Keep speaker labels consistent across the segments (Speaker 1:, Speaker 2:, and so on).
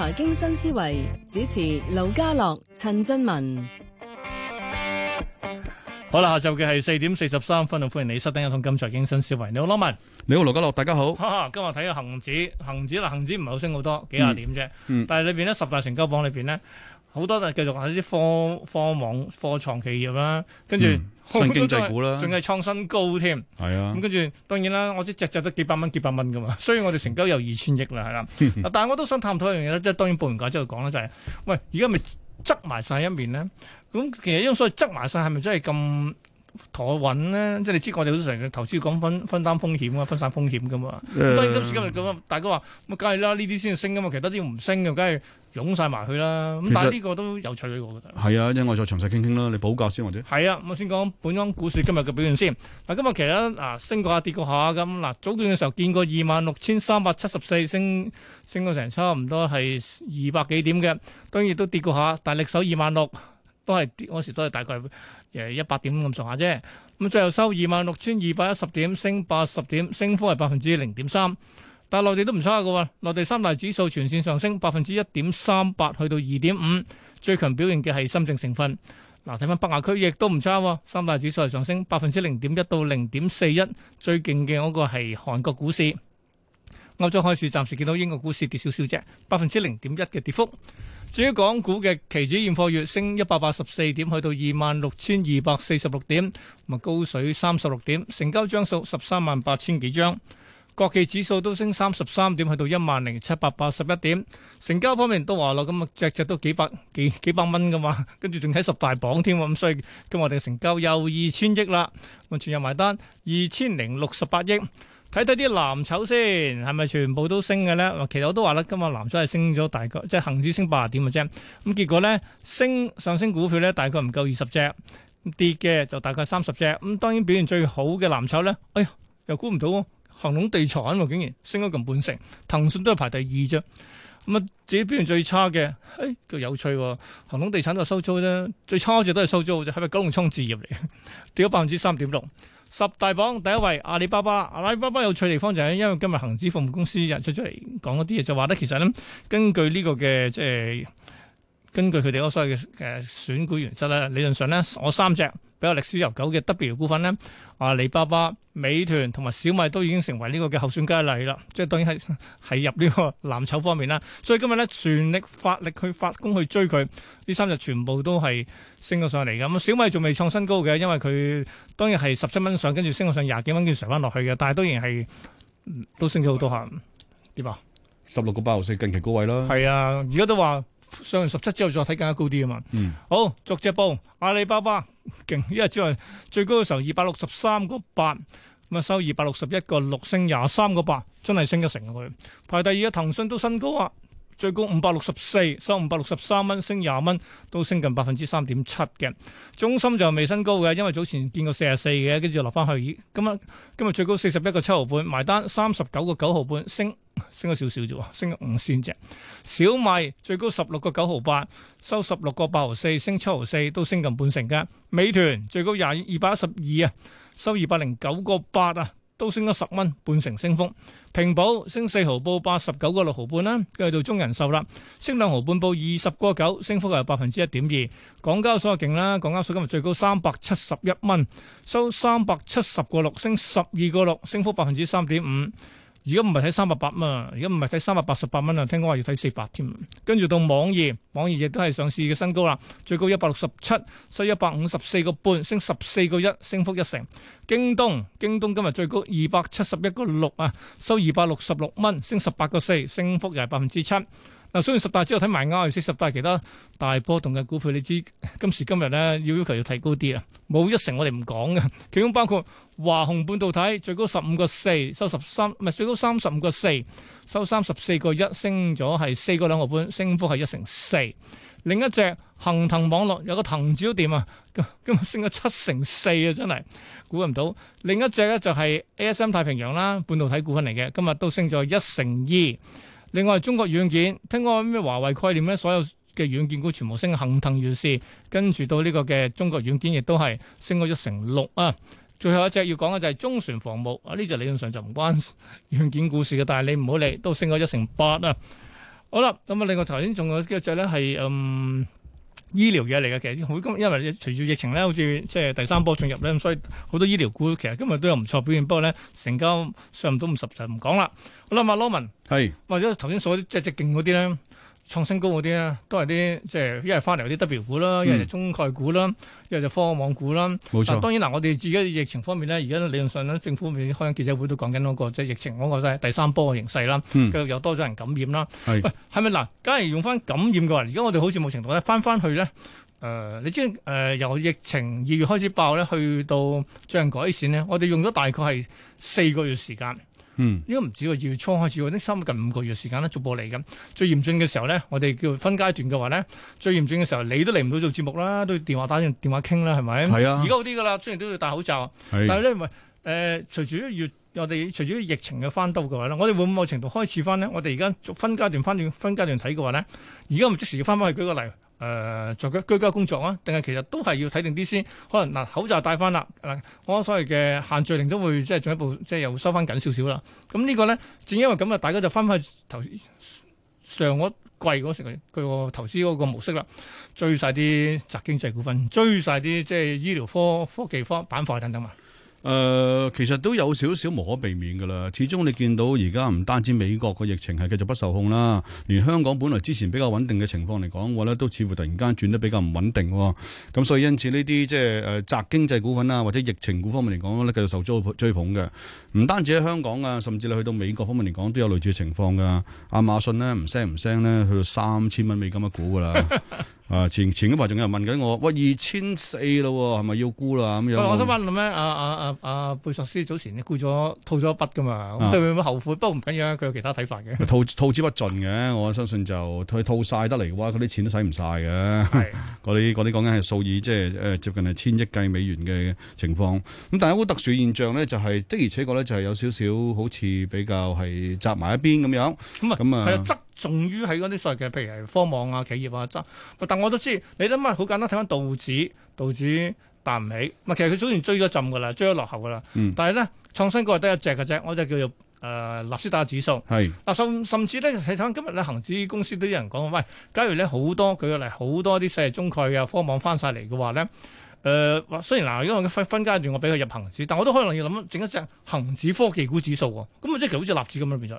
Speaker 1: 財經新思維，主持劉家樂、陳俊文，
Speaker 2: 好啦，下晝嘅係四點四十三分，歡迎你收聽一通今財經新思維。你好，羅文，
Speaker 1: 你好，劉家樂，大家好。
Speaker 2: 今日睇下恒指，恒指啦，恒指唔係好升好多，幾廿點啫。嗯嗯，但係裏邊呢十大成交榜裏邊呢，好多都係繼續喺啲科科網科創企業啦，跟住。嗯新經濟股啦，仲係創新高添。係啊，咁跟住當然啦，我知隻隻都幾百蚊、幾百蚊㗎嘛。雖然我哋成交有二千億啦，係啦， 但係我都想探討一樣嘢咧，即係當然報完價之後講啦，就係、是：喂，而家咪執埋晒一面咧？咁其實因所以執埋晒係咪真係咁？同我揾咧，即係你知我哋好多成日投資講分、分擔風險啊，分散風險噶嘛。咁當然今時今日咁，大家話咁梗係啦，呢啲先升噶嘛，其他啲唔升嘅，梗係湧晒埋去啦。咁實但係呢個都有趣嘅，我覺得。
Speaker 1: 係啊，一陣我再詳細傾傾啦。你補價先或者。
Speaker 2: 係啊，我先講本港股市今日嘅表現先。嗱、啊，今日其實啊，升過下，跌過下咁。嗱、啊，早段嘅時候見過二萬六千三百七十四，升升咗成差唔多係二百幾點嘅。當然亦都跌過下，但係力守二萬六。都係嗰時都係大概誒一百點咁上下啫。咁最後收二萬六千二百一十點，升八十點，升幅係百分之零點三。但係內地都唔差噶，內地三大指數全線上升百分之一點三八，去到二點五。最強表現嘅係深圳成分。嗱，睇翻北亞區亦都唔差，三大指數係上升百分之零點一到零點四一。最勁嘅嗰個係韓國股市。歐洲開市暫時見到英國股市跌少少啫，百分之零點一嘅跌幅。至於港股嘅期指現貨月升一百八十四點，去到二萬六千二百四十六點，啊高水三十六點，成交張數十三萬八千幾張。國企指數都升三十三點，去到一萬零七百八十一點。成交方面都話啦，咁啊只只都幾百幾幾百蚊噶嘛，跟住仲喺十大榜添，咁、嗯、所以今日我哋嘅成交又二千億啦，目前又埋單二千零六十八億。睇睇啲藍籌先，係咪全部都升嘅咧？其實我都話啦，今日藍籌係升咗大概，即係恒指升八十點嘅啫。咁結果咧，升上升股票咧大概唔夠二十隻，跌嘅就大概三十隻。咁、嗯、當然表現最好嘅藍籌咧，哎呀又估唔到、啊，恆隆地產竟然升咗咁半成，騰訊都係排第二啫。咁、嗯、啊，至於表現最差嘅，誒、哎，夠有趣喎，恆隆地產就收租啫，最差隻都係收租嘅啫，係咪九龍倉置業嚟？嘅，跌咗百分之三點六。十大榜第一位阿里巴巴，阿里巴巴有趣地方就係，因為今日恒指服務公司日出出嚟講嗰啲嘢，就話咧其實咧，根據呢個嘅即係根據佢哋嗰個所謂嘅嘅選股原則咧，理論上咧我三隻。比較歷史悠久嘅 W 股份咧，啊、阿里巴巴、美團同埋小米都已經成為呢個嘅候選佳麗啦。即係當然係係入呢個藍籌方面啦。所以今日咧，全力發力去發工去追佢。呢三日全部都係升咗上嚟嘅。咁、嗯、小米仲未創新高嘅，因為佢當然係十七蚊上，跟住升咗上廿幾蚊，先上翻落去嘅。但係當然係、嗯、都升咗好多吓。點啊！
Speaker 1: 十六個八毫四，近期高位啦。係啊，
Speaker 2: 而家都話。上完十七之後再睇更加高啲啊嘛，嗯、好逐隻報阿里巴巴勁，一日之內最高嘅時候二百六十三個八，咁啊收二百六十一個六升廿三個八，真係升咗一成啊佢排第二嘅騰訊都新高啊！最高五百六十四，收五百六十三蚊，升廿蚊，都升近百分之三點七嘅。中芯就未新高嘅，因為早前見過四十四嘅，跟住落翻去。今日今日最高四十一個七毫半，埋單三十九個九毫半，升升咗少少啫，升咗五線只。小米最高十六個九毫八，收十六個八毫四，升七毫四，都升近半成嘅。美團最高廿二百一十二啊，收二百零九個八啊。都升咗十蚊，半成升幅。平保升四毫，報八十九個六毫半啦，繼續到中人壽啦，升兩毫半，報二十個九，升幅係百分之一點二。港交所勁啦，港交所今日最高三百七十一蚊，收三百七十個六，升十二個六，升幅百分之三點五。而家唔係睇三百八嘛，而家唔係睇三百八十八蚊啊，聽講話要睇四百添。跟住到網易，網易亦都係上市嘅新高啦，最高一百六十七，收一百五十四個半，升十四個一，升幅一成。京東，京東今日最高二百七十一個六啊，收二百六十六蚊，升十八個四，升幅又係百分之七。嗱，雖然十大之後睇埋啱嘅先，十大其他大波動嘅股票，你知今時今日咧要要求要提高啲啊！冇一成我哋唔講嘅，其中包括華虹半導體最高十五個四，收十三唔係最高三十五個四，收三十四個一，升咗係四個兩個半，升幅係一成四。另一隻恆騰網絡有個騰椒點啊，今日升咗七成四啊，真係估唔到。另一隻咧就係 ASM 太平洋啦，半導體股份嚟嘅，今日都升咗一成二。另外，中國軟件聽講咩華為概念咧，所有嘅軟件股全部升，騰騰如市。跟住到呢個嘅中國軟件，亦都係升咗一成六啊。最後一隻要講嘅就係中船防務啊，呢隻理論上就唔關軟件故事嘅，但係你唔好理，都升咗一成八啊。好啦，咁啊，另外頭先仲有一隻咧係嗯。醫療嘢嚟嘅，其實好今，因為隨住疫情咧，好似即係第三波進入咧，咁所以好多醫療股其實今日都有唔錯表現。不過咧，成交上唔到五十就唔講啦。好啦，阿羅文係是或者頭先所即係勁嗰啲咧。創新高嗰啲咧，都係啲即係一係翻嚟啲 W 股啦，一係、嗯、中概股啦，一係就科網股啦。冇沒錯。當然嗱，我哋自己疫情方面咧，而家理論上咧，政府面開緊記者會都講緊嗰個即係疫情嗰個即係第三波嘅形勢啦，繼續、嗯、又多咗人感染啦。係是。喂，係咪嗱？假如用翻感染嘅話，而家我哋好似冇程度咧，翻翻去咧，誒、呃，你知誒、呃？由疫情二月開始爆咧，去到最近改善咧，我哋用咗大概係四個月時間。嗯，依家唔止喎，月初開始喎，啲三近五個月時間咧，逐步嚟緊。最嚴峻嘅時候咧，我哋叫分階段嘅話咧，最嚴峻嘅時候，你都嚟唔到做節目啦，都要電話打電話傾啦，係咪？係啊。而家好啲㗎啦，雖然都要戴口罩，是但係咧唔係誒，隨住月我哋隨住疫情嘅翻兜嘅話咧，我哋會唔會某程度開始翻呢？我哋而家分階段翻分階段睇嘅話咧，而家咪即時要翻返去舉個例。誒做居居家工作啊，定係其實都係要睇定啲先。可能嗱，口罩戴翻啦，嗱，我所謂嘅限聚令都會即係進一步，即係又收翻緊少少啦。咁、嗯、呢個咧，正因為咁啊，大家就翻返投資上一季嗰時佢個投資嗰個模式啦，追晒啲宅經濟股份，追晒啲即係醫療科科技科板塊等等嘛。
Speaker 1: 誒、呃，其實都有少少無可避免噶啦。始終你見到而家唔單止美國個疫情係繼續不受控啦，連香港本來之前比較穩定嘅情況嚟講，我咧都似乎突然間轉得比較唔穩定。咁所以因此呢啲即係誒，宅、呃、經濟股份啦，或者疫情股方面嚟講咧，繼續受追追捧嘅。唔單止喺香港啊，甚至你去到美國方面嚟講，都有類似嘅情況噶。亞馬遜咧唔升唔升咧，去到三千蚊美金一股噶啦。 啊！前前排仲有人問緊我，喂，二千四咯，係咪要沽啦咁樣？我想問
Speaker 2: 咧，阿阿阿阿貝索斯早前你沽咗套咗一筆㗎嘛，佢、啊、會唔會後悔？不過唔緊要，佢有其他睇法嘅、啊。
Speaker 1: 套套之不盡嘅，我相信就佢套晒得嚟，哇！嗰啲錢都使唔晒嘅。嗰啲啲講緊係數以即係誒接近係千億計美元嘅情況。咁但係有個特殊現象咧、就係，確確就係的而且確咧就係有少少，少好似比較係擲埋一邊咁樣。咁啊，係啊，
Speaker 2: 重於喺嗰啲所謂嘅，譬如係科網啊、企業啊，爭。但我都知，你諗下，好簡單，睇翻道指，道指彈唔起。其實佢早前追咗浸噶啦，追咗落後噶啦。但係咧，創新高係得一隻嘅啫，我就叫做誒納斯達克指數。係。嗱，甚甚至咧，睇翻今日咧，恒指公司都有人講話，喂，假如咧好多佢嚟好多啲細型中概嘅科網翻晒嚟嘅話咧，誒，雖然嗱，如果我分階段我俾佢入恒指，但我都可能要諗整一隻恒指科技股指數喎。咁啊，即係好似納指咁嘅變咗。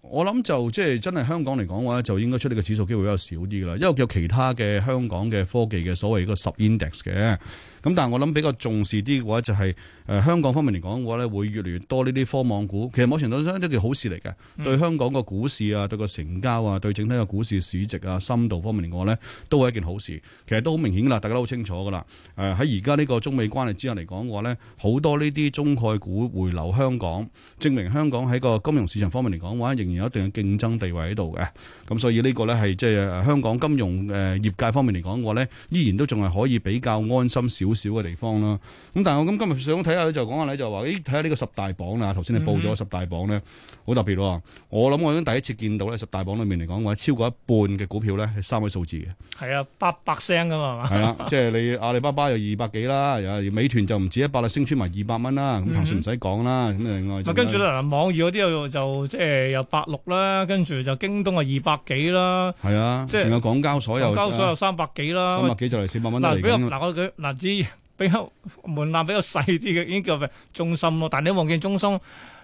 Speaker 1: 我諗就即係真係香港嚟講嘅話就應該出呢個指數機會比較少啲噶啦，因為有其他嘅香港嘅科技嘅所謂一個 sub-index 嘅。咁但係我諗比較重視啲嘅話，就是，就係誒香港方面嚟講嘅話咧，會越嚟越多呢啲科網股。其實某程度上都係一件好事嚟嘅，嗯、對香港個股市啊，對個成交啊，對整體個股市市值啊深度方面嚟講咧，都係一件好事。其實都好明顯啦，大家都好清楚噶啦。誒喺而家呢個中美關係之下嚟講嘅話咧，好多呢啲中概股回流香港，證明香港喺個金融市場方面嚟講嘅話，仍然有一定嘅競爭地位喺度嘅，咁所以呢個咧係即係香港金融誒、呃、業界方面嚟講嘅話咧，依然都仲係可以比較安心少少嘅地方啦。咁但係我咁今日想睇下就講下咧，就話咦睇下呢個十大榜啦，頭先你報咗十大榜咧，好、嗯、哼特別喎、啊。我諗我已經第一次見到咧，十大榜裏面嚟講嘅話超過一半嘅股票咧係三位數字嘅。
Speaker 2: 係啊，八百,百聲㗎嘛係嘛。係 啦、啊，即
Speaker 1: 係你阿里巴巴有二百幾啦，然後美團就唔止一百啦，升穿埋二百蚊啦，咁頭先唔使講啦，咁另外、就是。咪跟住啦、啊，
Speaker 2: 網易啲就即係百六啦，跟住就京東，啊二百幾啦，
Speaker 1: 係啊，即係是仲有港交所有，港交所有三
Speaker 2: 百幾啦，三百幾就嚟四百蚊嚟，嗱，比較嗱，我舉嗱啲比較門檻比較細啲嘅已經叫做中心咯，但你望見中心。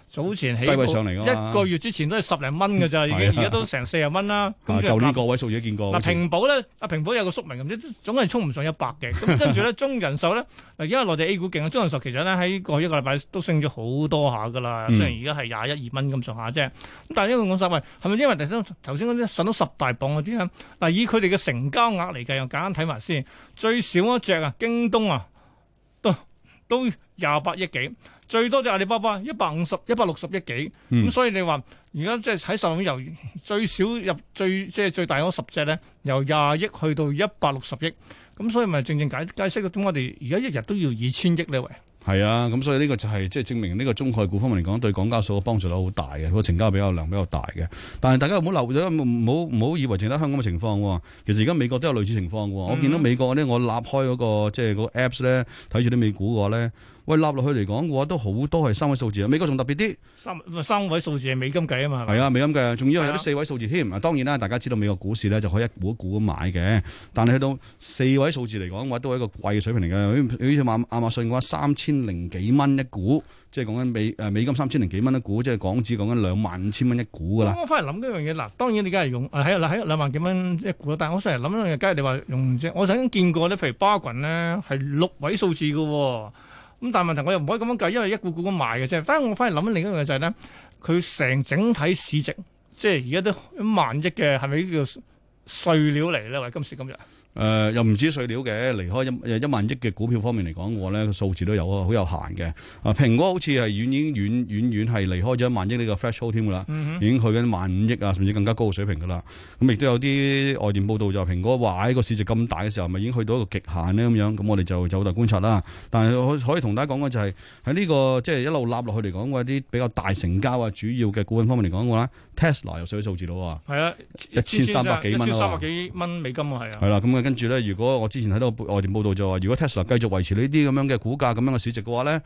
Speaker 2: 早前起低位上嚟、啊、一個月之前都係十零蚊嘅咋，已經而家都成四廿蚊啦。咁就呢個位
Speaker 1: 數已經見過。嗱、 啊，平
Speaker 2: 保咧，阿平保有個宿命，唔知總係衝唔上一百嘅。咁跟住咧，中人壽咧，因為內地 A 股勁啊，中人壽其實咧喺過去一個禮拜都升咗好多下噶啦。雖然 21, 而家係廿一二蚊咁上下啫。咁但係因為我實話，係咪因為頭先嗰啲上到十大榜嗰啲咧？嗱，以佢哋嘅成交額嚟計，又簡單睇埋先。最少一隻啊，京東啊，都都。都都廿八億幾，最多就阿里巴巴一百五十、一百六十億幾，咁所以你話而家即係喺上面由最少入最即係最、即係、最大嗰十隻咧，由廿億去到一百六十億，咁所以咪正正解解釋嗰個點解我哋而家一日都要二千億呢喂。
Speaker 1: 係啊，咁所以呢個就係即係證明呢個中概股方面嚟講，對港交所嘅幫助力好大嘅，佢個成交比較量比較大嘅。但係大家唔好留咗，唔好唔好以為淨係香港嘅情況。其實而家美國都有類似情況喎。我見到美國咧，我立開嗰個即係個 apps 咧，睇住啲美股嘅話咧。喂，笠落去嚟講嘅話都好多係三位數字啊。美國仲特別啲，
Speaker 2: 三三位數字係美金計啊嘛，係啊，
Speaker 1: 美金計啊，仲要有啲四位數字添。啊的，當然啦，大家知道美國股市咧就可以一股一股咁買嘅。但係去到四位數字嚟講嘅話，都係一個貴嘅水平嚟嘅。比如比如阿亞馬遜嘅話，三千零幾蚊一股，即係講緊美誒、呃、美金三千零幾蚊一股，即係港紙講緊兩萬五千蚊一股噶啦、嗯。
Speaker 2: 我翻嚟諗嗰樣嘢，嗱，當然你梗係用喺啊，喺兩萬幾蚊一股，但係我想一想一想上嚟諗嗰樣嘢，梗係你話用即係。我曾經見過咧，譬如巴郡咧係六位數字嘅、哦。咁但係問題，我又唔可以咁樣計，因為一股股咁賣嘅啫。但係我反而諗緊另一樣嘢就係、是、咧，佢成整，整體市值，即係而家都一萬億嘅，係咪叫碎料嚟咧？或者今時今日？
Speaker 1: 誒又唔止碎料嘅，離開一誒一萬億嘅股票方面嚟講，我咧個數字都有啊，好有限嘅。啊，蘋果好似係遠已經遠遠遠係離開咗一萬億呢個 threshold 添㗎啦，已經去緊萬五億啊，甚至更加高嘅水平㗎啦。咁亦都有啲外電報道就係蘋果話喺個市值咁大嘅時候，咪已經去到一個極限咧咁樣。咁我哋就有待觀察啦。但係可以同大家講嘅就係喺呢個即係一路攬落去嚟講，我啲比較大成交啊，主要嘅股份方面嚟講嘅話，Tesla 又上咗數字咯。係啊，一千三百幾蚊三百
Speaker 2: 幾蚊美金啊，
Speaker 1: 係啊。係啦，咁跟住咧，如果我之前睇到外電報道就話，如果 Tesla 繼續，續維持呢啲咁樣嘅股價咁樣嘅市值嘅話咧，誒、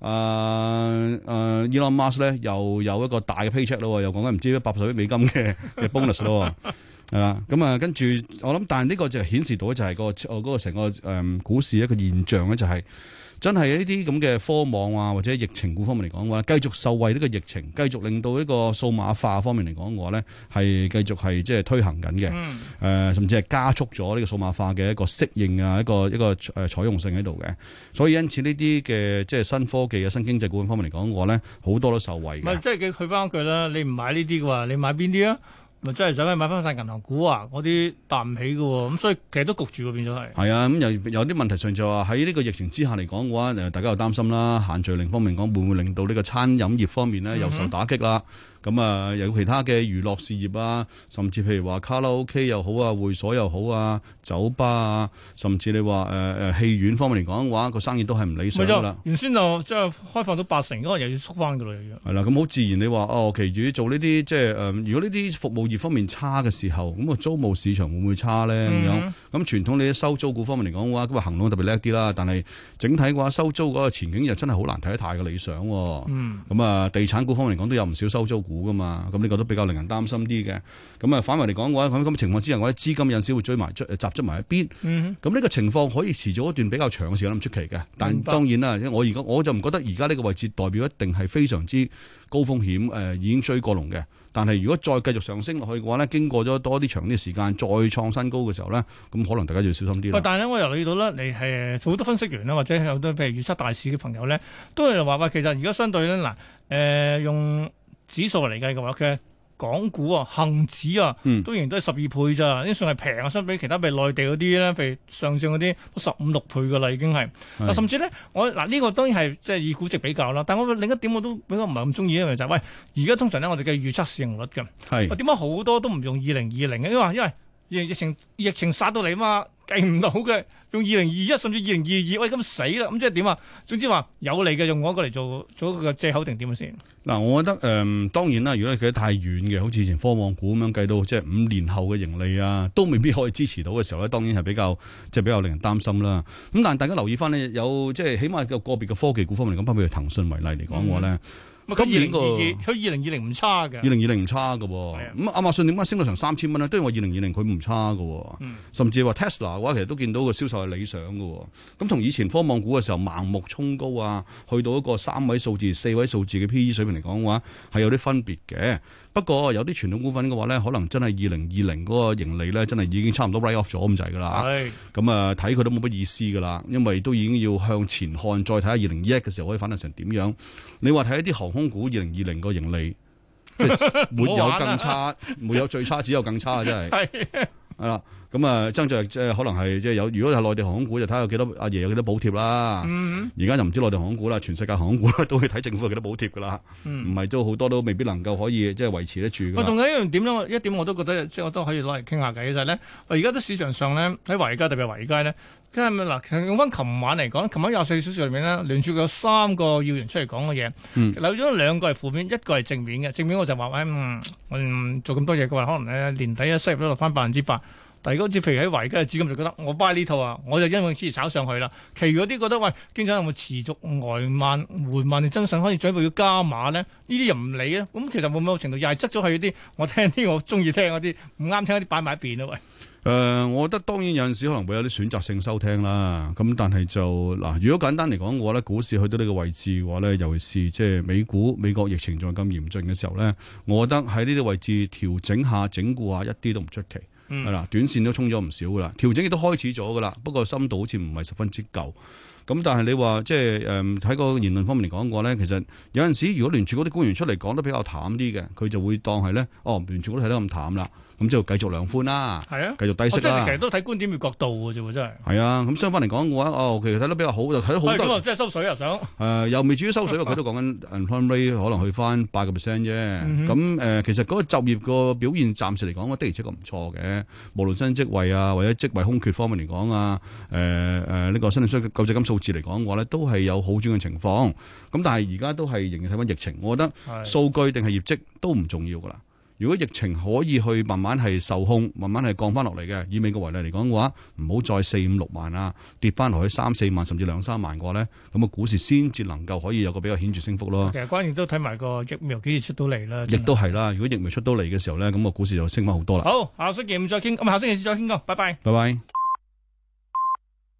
Speaker 1: 呃、誒、呃，Elon Musk 咧又有一個大嘅 paycheck 咯，又講緊唔知八十億美金嘅 bonus 咯，係啦、bon，咁啊， 跟住我諗，但係呢個就顯示到咧、嗰個，就、嗰、係個嗰個成個誒股市一個現象咧、就係，就係。真係呢啲咁嘅科網啊，或者疫情股方面嚟講嘅話，繼續受惠呢個疫情，繼續令到呢個數碼化方面嚟講嘅話，我咧係繼續係即係推行緊嘅，誒、嗯呃、甚至係加速咗呢個數碼化嘅一個適應啊，一個一個誒採用性喺度嘅，所以因此呢啲嘅即係新科技啊、新經濟股方面嚟講嘅話，我咧好多都受惠唔
Speaker 2: 係，咪即係佢返屋企啦，你唔買呢啲嘅話，你買邊啲啊？咪真係想去買翻晒銀行股啊！嗰啲搭唔起㗎，咁所以其實都焗住嘅變咗係。
Speaker 1: 係啊，咁有有啲問題上就話喺呢個疫情之下嚟講嘅話，大家又擔心啦，限聚令方面講會唔會令到呢個餐飲業方面咧又受打擊啦？嗯。咁啊，嗯、有其他嘅娛樂事業啊，甚至譬如話卡拉 OK 又好啊，會所又好啊，酒吧啊，甚至你話誒誒戲院方面嚟講嘅話，個生意都係唔理想啦。
Speaker 2: 原先就即係開放到八成，嗰個又要縮翻噶啦，
Speaker 1: 已係啦，咁好自然你話哦，其餘做呢啲即係誒、呃，如果呢啲服務業方面差嘅時候，咁個租務市場會唔會差咧？咁樣咁傳統你啲收租股方面嚟講嘅話，咁啊行動特別叻啲啦。但係整體嘅話，收租嗰個前景又真係好難睇得太嘅理想、哦。嗯。咁啊，地產股方面嚟講都有唔少收租。噶嘛，咁呢個都比較令人擔心啲嘅。咁啊，反為嚟講嘅話，喺咁嘅情況之下，我哋資金有陣時會追埋、集集埋一邊。咁呢、嗯、哼個情況可以持續一段比較長嘅時間，咁出奇嘅。但當然啦，我而家我就唔覺得而家呢個位置代表一定係非常之高風險。誒、呃，已經追過龍嘅。但係如果再繼續上升落去嘅話咧，經過咗多啲長啲時間，再創新高嘅時候咧，咁可能大家要小心啲。喂，
Speaker 2: 但係咧，我又留意到咧，你係好多分析員啦，或者好多譬如預測大市嘅朋友咧，都係話話其實而家相對咧嗱，誒、呃、用，指數嚟計嘅話，佢港股啊、恒指啊，當然、嗯、都係十二倍咋。啲算係平啊，相比其他譬如內地嗰啲咧，譬如上證嗰啲都十五六倍噶啦，已經係。是甚至咧，我嗱呢、這個當然係即係以估值比較啦。但我另一點我都比較唔係咁中意咧，因為就係、是、喂，而家通常咧我哋嘅預測市盈率嘅，啊點解好多都唔用二零二零嘅？因為因為疫情疫情疫情殺到你啊嘛。定唔到嘅，用二零二一甚至二零二二，喂，咁死啦！咁即係點啊？總之話有利嘅，用嗰個嚟做做一個借口定點先。
Speaker 1: 嗱，我覺得誒、呃，當然啦，如果你企得太遠嘅，好似以前科網股咁樣計到，即係五年後嘅盈利啊，都未必可以支持到嘅時候咧，當然係比較即係比較令人擔心啦。咁但係大家留意翻呢，有即係起碼有個別嘅科技股方面咁嚟講，包括騰訊為例嚟講嘅話咧。嗯二零二二，
Speaker 2: 佢二零二零唔差嘅。二零二
Speaker 1: 零唔差嘅。咁的、嗯、亞馬遜點解升到成三千蚊咧？都係話二零二零佢唔差嘅。嗯、甚至係話 Tesla 嘅話，其實都見到個銷售係理想嘅。咁同以前科網股嘅時候盲目衝高啊，去到一個三位數字、四位數字嘅 P/E 水平嚟講嘅話，係有啲分別嘅。不過有啲傳統股份嘅話咧，可能真係二零二零嗰個盈利咧，真係已經差唔多 write off 咗咁滯㗎啦。咁啊的，睇佢、嗯、都冇乜意思㗎啦，因為都已經要向前看，再睇下二零二一嘅時候可以反彈成點樣。你話睇一啲航空。港股二零二零個盈利，即係 沒有更差， 沒有最差，只有更差啊！ 真係係啦。 咁啊，爭在即係可能係即係有。如果係內地航空股，就睇下有幾多阿爺，爺有幾多補貼啦。而家、嗯、就唔知內地航空股啦，全世界航空股都去睇政府有幾多補貼㗎啦。唔係都好多都未必能夠可以即係、就是、維持得住點點。我仲
Speaker 2: 有一樣點咧，一點我都覺得即我都可以攞嚟傾下偈就係、是、咧，而家啲市場上呢，喺華爾街特別係華爾街呢，用翻琴晚嚟講，琴晚廿四小時裏面呢，連串有三個要員出嚟講嘅嘢，留咗、嗯、兩個係負面，一個係正面嘅正面。我就話喂，我、嗯嗯嗯嗯嗯嗯嗯嗯、做咁多嘢嘅話，可能年底咧收入都落翻百分之八。第二嗰支，譬如喺維吉嘅資金就覺得我擺呢套啊，我就因為先炒上去啦。其餘嗰啲覺得喂，經濟有冇持續外慢緩慢嘅增長，可以準備要加碼咧？呢啲又唔理咧。咁其實冇冇程度又係執咗係啲我聽啲我中意聽嗰啲唔啱聽嗰啲擺埋一邊啦。喂，誒、
Speaker 1: 呃，我覺得當然有陣時可能會有啲選擇性收聽啦。咁但係就嗱、呃，如果簡單嚟講，我覺得股市去到呢個位置嘅話咧，尤其是即係美股美國疫情仲係咁嚴峻嘅時候咧，我覺得喺呢啲位置調整下整固一下一啲都唔出奇。係啦，短線都衝咗唔少噶啦，調整亦都開始咗噶啦。不過深度好似唔係十分之夠。咁但係你話即係誒喺個言論方面嚟講嘅話咧，其實有陣時如果聯儲局啲官員出嚟講得比較淡啲嘅，佢就會當係咧，哦聯儲局都睇得咁淡啦。咁就繼續量寬啦、啊，啊、繼續低息啦、啊。即係、哦就是、
Speaker 2: 其實都睇觀點與角度嘅、啊、啫，真係。
Speaker 1: 係啊，咁相反嚟講嘅話，哦，其實睇得比較好，就睇得好多。咁啊，即係
Speaker 2: 收水又想。
Speaker 1: 誒、嗯呃，又未至於收水喎，佢、啊、都講緊 inflation rate 可能去翻八個 percent 啫。咁誒、嗯哼呃，其實嗰個就業個表現暫時嚟講，我的而且確唔錯嘅。無論新職位啊，或者職位空缺方面嚟講啊，誒、呃、誒，呢、呃這個新訂稅嘅救濟金數字嚟講嘅話咧，都係有好轉嘅情況。咁但係而家都係仍然睇翻疫情，我覺得數據定係業績都唔重要噶啦。如果疫情可以去慢慢係受控，慢慢係降翻落嚟嘅，以美國為例嚟講嘅話，唔好再四五六萬啦，跌翻落去三四萬甚至兩三萬嘅話咧，咁個股市先至能夠可以有個比較顯著升幅咯。其實
Speaker 2: 關鍵都睇埋個疫苗幾時出到嚟啦。亦
Speaker 1: 都係啦，如果疫苗出到嚟嘅時候咧，咁個股市就升翻好多啦。好，
Speaker 2: 下星期唔再傾，咁啊下星期再傾過，拜拜，
Speaker 1: 拜拜。